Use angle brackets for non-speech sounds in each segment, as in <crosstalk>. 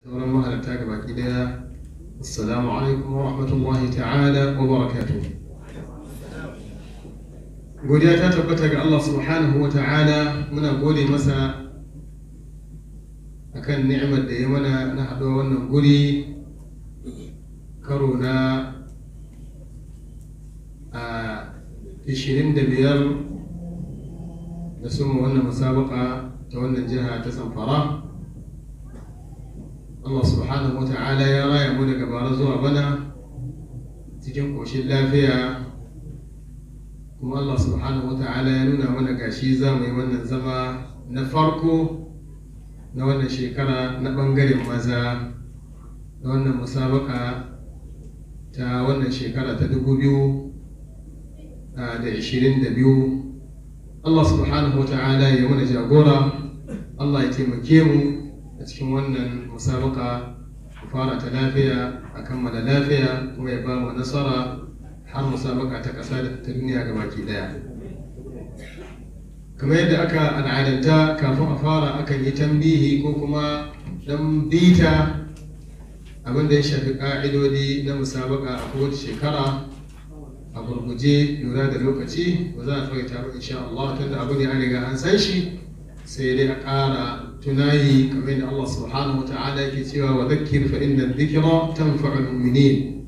sauran mahalarta ga baki daya assalamu alaikum wa rahmatullahi ta'ala wa barakatuh godiya ta tabbata ga Allah subhanahu wa ta'ala muna gode masa akan ni'imar da ya mana na haɗuwa wannan guri karo na a 25 da suma wannan musabaka ta wannan jiha ta samfara Allah subhanahu wa ya raya mu daga bara zuwa bana cikin ƙoshin lafiya kuma Allah subhanahu wa ya nuna mana gashi za mu yi wannan zama na farko na wannan shekara na ɓangaren maza na wannan musabaka ta wannan shekara ta dubu biyu ah, da ishirin da biyu Allah subhanahu wa ya mana jagora Allah ya taimake mu a cikin wannan musabaka mu fara ta lafiya a kammala lafiya kuma ya ba mu nasara har musabaka ta ƙasa da ta duniya ga baki ɗaya kamar yadda aka al'adanta kafin a fara akan yi tambihi ko kuma dan bita abin da ya shafi ƙa'idodi na musabaka a kowace shekara a gurguje lura da lokaci ba za a fahimta ba insha Allah tunda abu ne an riga an san shi sai dai a ƙara tunayi kamar da Allah subhanahu wa ta'ala yake cewa wa dhakkir fa inna dhikra tanfa'ul mu'minin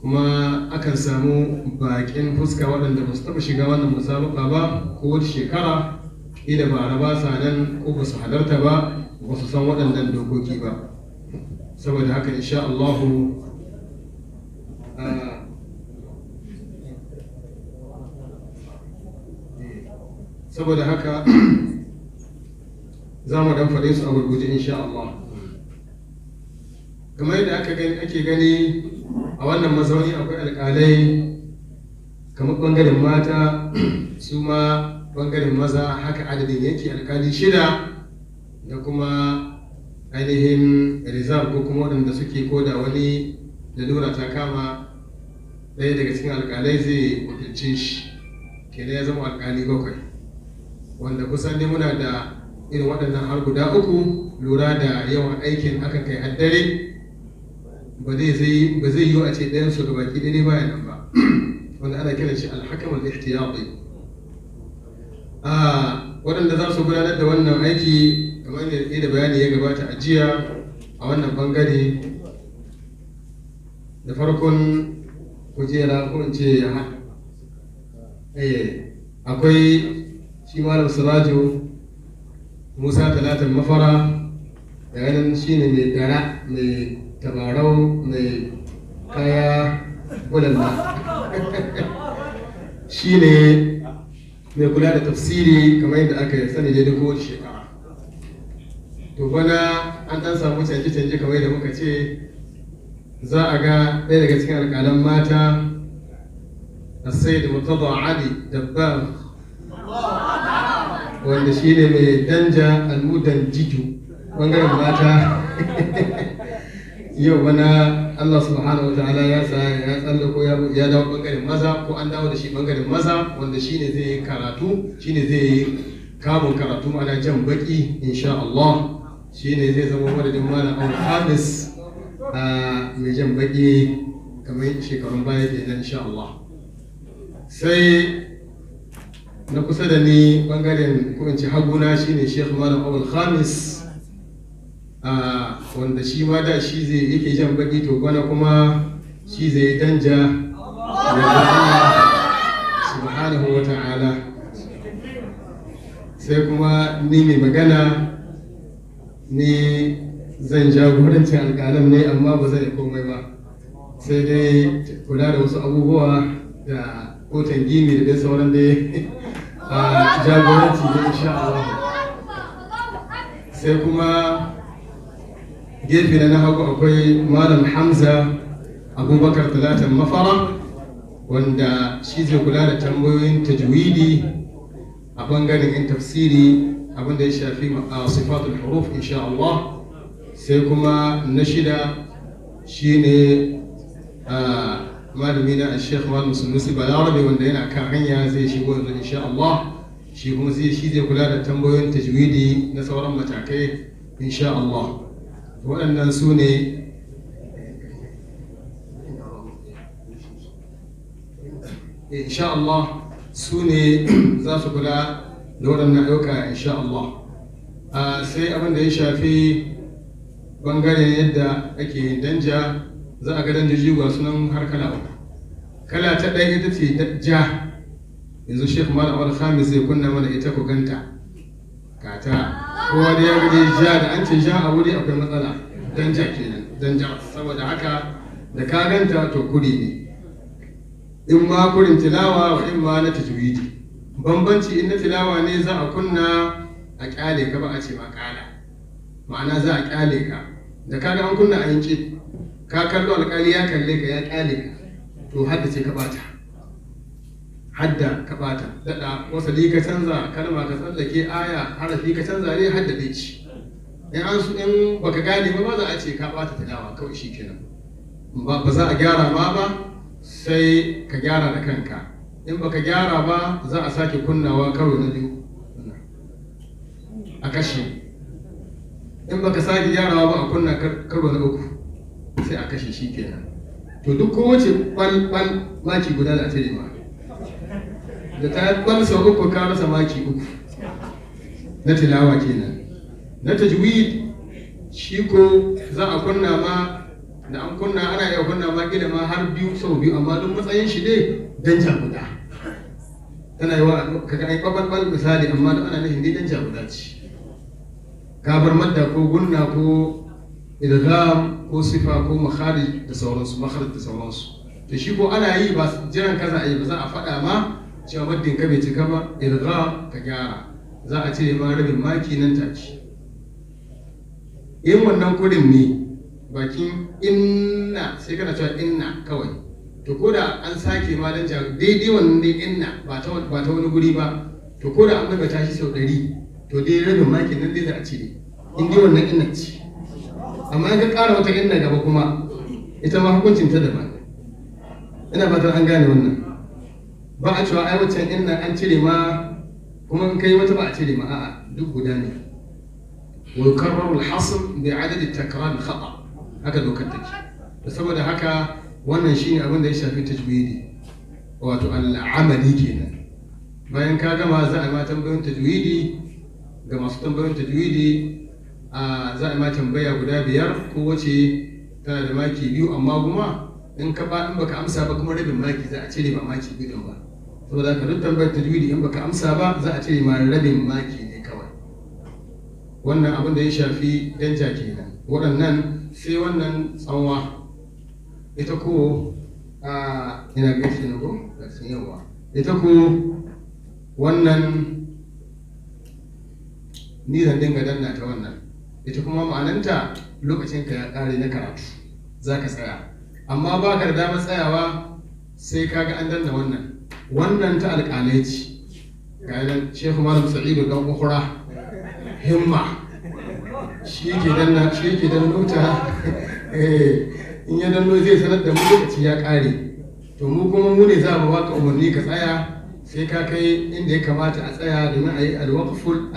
kuma akan samu baƙin fuska waɗanda ba su taɓa shiga wannan musabaka ba ko wata shekara ida ba ba sa nan ko ba su halarta ba ba su san waɗannan dokoki ba saboda haka insha Allahu ah, saboda haka <clears throat> za mu dan su a gurguje insha Allah kamar yadda aka gani ake gani a wannan mazauni akwai alƙalai kamar bangaren mata <clears throat> su ma ɓangaren maza haka adadin yake alƙali shida da kuma ainihin rizal ko kuma waɗanda suke koda wani lura ta kama ɗaya daga cikin alƙalai zai wakilce shi kenan ya zama alƙali bakwai wanda kusan ne muna da irin waɗannan har guda uku lura da yawan aikin aka kai haddare ba zai yiwu a ce ɗayan su ga baki ɗaya baya nan ba <clears throat> wanda ana kiran shi alhakamul ihtiyati a ah, waɗanda za su gudanar da wannan aiki kamar yadda da bayani ya gabata a jiya a wannan bangare da farkon kujera ko in ce eh, akwai shi malam surajo musa talatin mafara da ganin shi ne mai gara mai tabarau mai kaya gudanna. <laughs> shi ne mai kula da tafsiri kamar yadda aka sani da duk wani shekara to bana an dan samu canje-canje kamar yadda muka ce za a ga ɗaya daga cikin alƙalan mata sai السيد مرتضى Ali dabbar wanda shi ne mai danja al'udan jidu bangaren mata <laughs> yau bana Allah subhanahu wa ta'ala ya tsalla ya ya dawo bangaren maza ko an dawo da shi bangaren maza wanda shi ne zai yi karatu shi ne zai yi kamun karatu mana jan baki insha Allah shi ne zai zama madadin mana Abu Hamis mai jan baki kamar shekarun baya kenan insha Allah sai na kusa da ni bangaren ko in ce haguna shine Sheikh Malam Abul Khamis wanda shi ma da shi zai yake jan baki to bana kuma shi zai danja subhanahu wa ta'ala sai kuma ni mai magana ni zan jagorancin alƙalam ne amma ba zai komai ba sai dai kula da wasu abubuwa da kotan gini da dai sauran dai a jagoranci Allah sai kuma gefe na hagu akwai malam hamza abubakar talatan mafara wanda shi zai kula da tambayoyin tajwidi a bangaren yin tafsiri abinda ya shafi a sifatul huruf insha Allah sai kuma na shida shine malami na Sheikh Malam Sunusi Balarabe wanda yana kan hanya zai shigo yanzu insha Allah shi kuma zai shi zai kula da tambayoyin tajwidi na sauran matakai insha Allah waɗannan su ne insha Allah su ne za su kula da waɗannan ɗauka insha Allah ah, sai abin da ya shafi bangaren yadda ake danja za a ga dan jiji ga sunan har kala uku kala ta ɗaya ita ce ta ja yanzu shek malam al khamis zai kunna mana ita ku ganta Kata, kowa da ya gani ja da an ce ja a wuri akwai matsala dan ja kenan dan ja saboda haka da ka ganta to kuri ne in ma kurin tilawa wa in ma na tajwidi bambanci in na tilawa ne za a kunna a kyale ka ba a ce ma kala ma'ana za a kyale ka da kaga an kunna a yanki ka kallo alƙali ya kalle ka ya ƙyale ka to hadda ce ka bata hadda ka bata daɗa wasali ka canza kalma ka tsallake aya harafi ka canza ne hadda dai ci in an su in baka gane ba ba za a ce ka bata ta dawa kawai shi kenan ba za a gyara ma ba sai ka gyara da kanka in baka gyara ba za a sake kunnawa karo na biyu a kashe in baka sake gyarawa ba a kunna karo na uku sai a kashe shi kenan to duk wace ɓal ɓal maki guda da cire ma da ta ɓal sau uku ka rasa maki uku na tilawa kenan na tajwid shi ko za a kunna ma da an kunna ana iya kunna ma gida ma har biyu sau biyu amma duk matsayin shi ne danja guda tana yi wa kaga ai kwakwalwal misali amma duk ana nufin dan danja guda ce ka bar madda ko gunna ko idgham ko sifa ko makhari da sauransu makhari da sauransu to shi ko ana yi ba jiran kaza a yi ba za a faɗa ma cewa maddin ka bai cika ba idgham ka gyara za a ce ma rabin maki nan take Yin wannan kudin ne bakin inna sai kana cewa inna kawai to ko da an sake ma dan daidai wannan ne inna ba ta wani guri ba to ko da an maimaita tashi sau ɗari to dai rabin maki nan dai za a ce in dai wannan inna ce amma in ka ƙara wata inna gaba kuma ita ma hukuncin ta daban ina fatan an gane wannan ba a cewa ai waccan inna an cire ma kuma in kai wata ba a cire ma a'a duk guda ne wa yukarraru al-hasl bi adadi takrar khata haka dokar take saboda haka wannan shine abin da ya shafi tajwidi wato al'amali kenan bayan ka gama za a ma tambayoyin tajwidi ga masu tambayoyin tajwidi a za a ma tambaya guda biyar ko wace tana da maki biyu amma kuma in ka ba in baka amsa ba kuma rabin maki za a cire ba maki biyu ba saboda ka duk tambayar tajwidi in baka amsa ba za a cire ma rabin maki ne kawai wannan abin da ya shafi jaki nan. waɗannan sai wannan tsawa ita ko a ina gaishe na ko yawa ita ko wannan ni zan dinga danna ta wannan ita kuma ma'ananta lokacin ka ya ƙare na karatu za ka tsaya amma ba ka da damar tsayawa sai ka ga an danna wannan wannan ta alƙalai ce ga yanar shehu malam sa'idu don kukura himma shi ke danna shi ke danno ta eh, in ya danno zai sanar da mu lokaci ya ƙare to mu kuma mu ne za mu ka umarni ka tsaya sai ka kai inda ya kamata a tsaya domin a yi alwaqful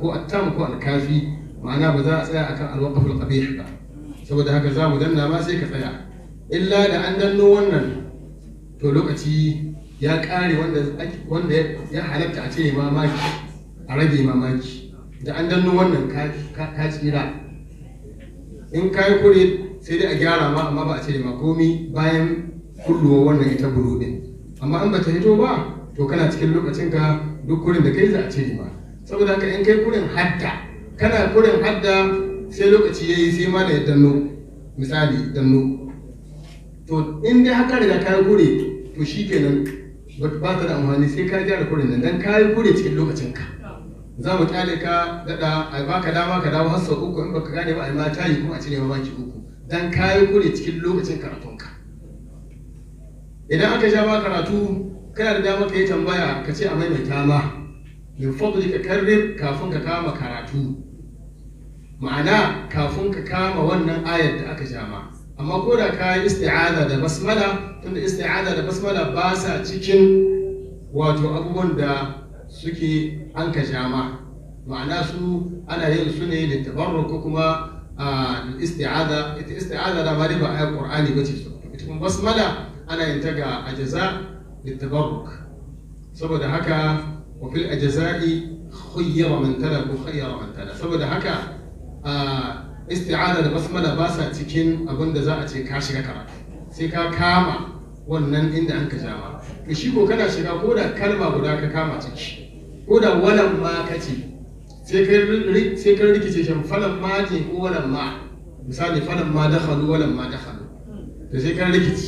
ko attam ko alkafi ma'ana ba za a tsaya akan alwaqaful qabih ba saboda haka za mu danna ma sai ka tsaya illa da an danno wannan to lokaci ya kare wanda ya halatta a ce mamaki a rage mamaki da an danno wannan ka tsira in ka yi kure sai dai a gyara ma amma ba a ce ma komi bayan kulluwa wannan ita buru din amma an ba ta hito ba to kana cikin lokacinka duk kurin da kai za a ce ma saboda haka in kai kurin hatta kana kurin hadda sai lokaci ya yi sai ma ya danno misali danno to in dai haka da ka kure, to shi kenan ba ka da amfani sai ka gyara kurin nan dan ka yi cikin lokacin ka za mu kyale ka daɗa a baka dama ka dawo har sau uku in baka gane ba a ma ma yi kuma a cire ma baki uku dan ka yi cikin lokacin karatunka idan aka sha ba karatu kana da dama ka yi tambaya ka ce a maimaita ma min fadlika karrib kafin ka kama karatu ma'ana kafin ka kama wannan ayar da aka ja ma amma ko da ka yi isti'aza da basmala tunda isti'aza da basmala ba sa cikin wato abubuwan da suke an ka ja ma'ana su ana yin su ne da tabarruk ko kuma isti'aza ita isti'aza da ma dai ba ayar qur'ani bace su ita kuma basmala ana yin ta ga ajaza da tabarruk saboda haka wa fil ajza'i khayyara man tala ko khayyara man tala saboda haka isti'ada da basmala ba sa cikin abin da za a ce ka shiga karatu sai ka kama wannan inda an ka jama to shi ko kana shiga ko da kalma guda ka kama ciki ko da walan ma ka ce sai ka rikice shan falan ma ce ko walan ma misali falan ma dakhalu walan ma dakhalu to sai ka rikice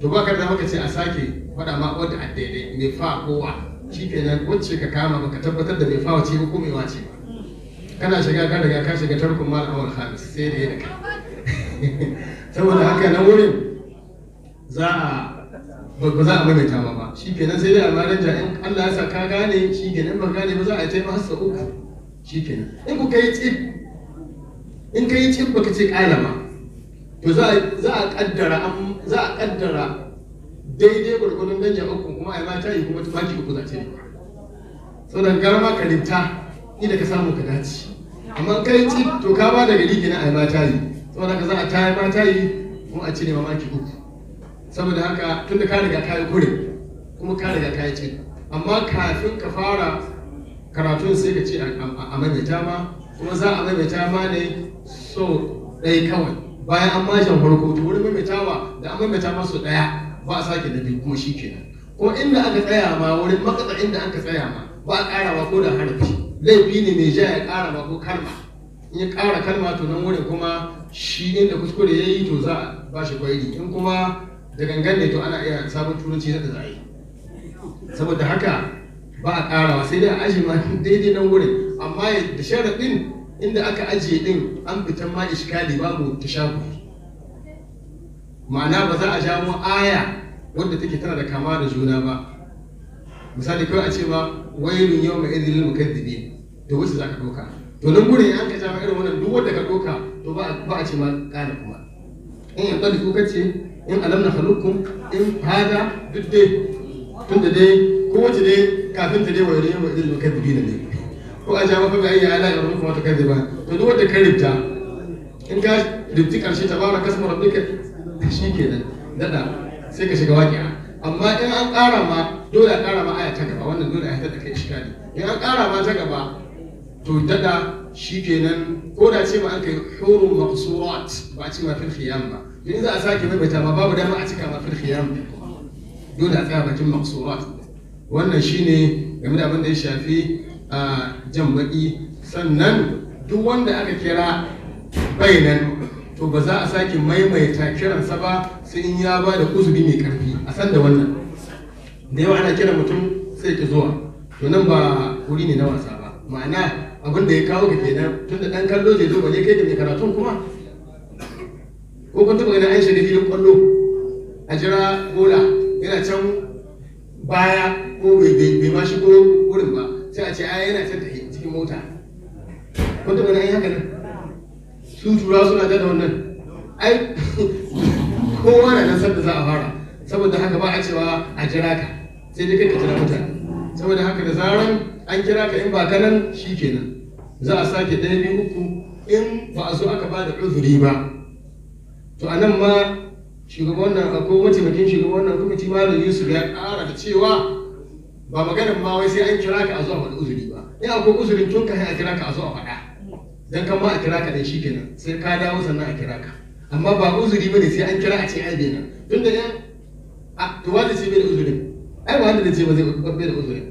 to ba ka da maka ce a sake faɗa ma wadda a daidai mai fa kowa shi kenan wacce ka kama ba ka tabbatar da mai fa wace ko mai wace ba kana shiga ka daga ka shiga tarkon mal awal khamis sai da ya <laughs> saboda haka nan wurin za a ba za a maimaita ma ba shi kenan sai dai a ranar in Allah ya sa ka gane shi kenan ba gane ba za a taimaka har uku shi kenan in ku kai tsib in kai tsib baka ce kala ba to za a kaddara za a kaddara daidai gurgurun danja uku kuma ai mata yi kuma tumaki uku za ta yi saboda garma kalinta inda ka samu ka dace amma kai ci to ka ba da gari kenan a yi mata yi saboda ka za a tayi mata yi kuma a cire mamaki uku saboda haka tun da ka riga ka yi kure kuma ka riga ka yi ci amma kafin ka fara karatun sai ka ce a maimaita ma kuma za a maimaita ma ne so ɗaya kawai bayan an mashin farko to wurin maimaitawa da an maimaita ma so ɗaya ba a sake da biyu kuma shi kenan ko inda aka tsaya ma wurin makasa inda aka tsaya ma ba a ƙarawa ko da harafi laifi ne mai ja ya ƙara ba ko kalma in ya ƙara kalma to nan wurin kuma shi inda kuskure ya yi to za a ba shi kwairi in kuma da gangan ne to ana iya sabon turanci da za a yi saboda haka ba a ƙarawa sai dai a aji ma daidai nan wurin amma da sharaɗin inda aka ajiye ɗin an fitan ma iskali babu ta shaku. ma'ana ba za a jawo aya wadda take tana da kama da juna ba misali kawai a ce ma wailun yau mai idin lil mukaddibin to wasu za ka doka to nan gurin an ka shafa irin wannan duk wanda ka doka to ba a ce ma ƙara kuma in ya ɗauki kuka ce in alam na halukun in hada duk dai da dai ko wace dai kafin ta dai wailun yau mai idin lil mukaddibin ne ko a shafa fabi ayya ala yau kuma ta kaddaba to duk wanda ka ribta in ka ribti ƙarshe tabaraka kasma rabbika shi kenan dada sai ka shiga waƙi'a amma in an ƙara ma dole a ƙara ma aya ta gaba wannan dole a haifar da kai shikali in an ƙara ma ta gaba to dada shi kenan ko da ce ma an kai hurun maqsurat ba a ce ma firfiyan ba in za a sake maimaita ma babu dama a cika ma firfiyan dole a tsaya bakin maqsurat wannan shine game da abin da ya shafi a ah, jan baki sannan duk wanda aka kira bainan to ba za a sake maimaita kiransa ba sai in ya ba da uzuri mai karfi a san da wannan da yawa ana kira mutum sai ki zuwa to nan ba wuri ne na wasa ba ma'ana abin da ya kawo ka kenan tun da dan kallo zai zo waje kai da mai karatun kuma ko kun taɓa ganin an shiga filin kwallo a jira bola yana can baya ko bai ma shigo wurin ba sai a ce ai yana can cikin mota kun taɓa ganin an yi haka nan su tura suna da wannan ai kowa na nan sanda za a fara saboda haka ba a cewa a jira ka sai dai kai ka jira mutane saboda haka da zaran an kira ka in ba ka nan shi kenan za a sake ɗaya biyu uku in ba a so aka ba da uzuri ba to a nan ma shugaban wannan ko mataimakin shugaban wannan kwamiti malam yusuf ya ƙara da cewa ba maganin ma wai sai an kira ka a zuwa wani uzuri ba in akwai uzurin tun ka a kira ka a zuwa faɗa dan kan ma a kira ka shi kenan sai ka dawo sannan a kira ka amma ba uzuri bane sai an kira a ce ai bena tunda ya a to wanda sai bai uzuri uzurin ai ba wanda ce ba zai bai da uzurin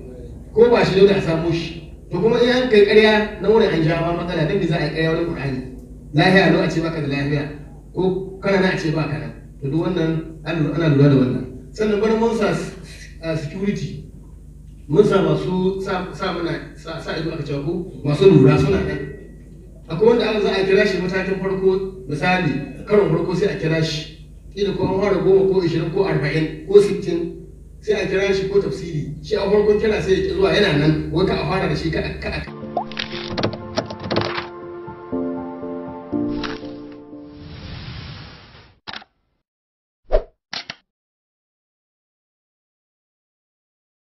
ko ba shi dole a samu shi to kuma in an kai ƙarya na wurin an ja ma matsala dan za a yi ƙarya wurin Qur'ani lafiya lo a ce baka da lafiya ko kana na a ce baka nan to duk wannan ana lura da wannan sannan bari mun sa security mun sa masu sa mana sa ido aka cewa ko masu lura suna nan akwai wanda aka za a kira shi matakin farko misali karon farko sai a kira shi kila ko an fara goma ko ishirin ko arba'in ko sittin sai a kira shi ko tafsiri shi a farkon kira sai ya zuwa yana nan wata a fara da shi ka a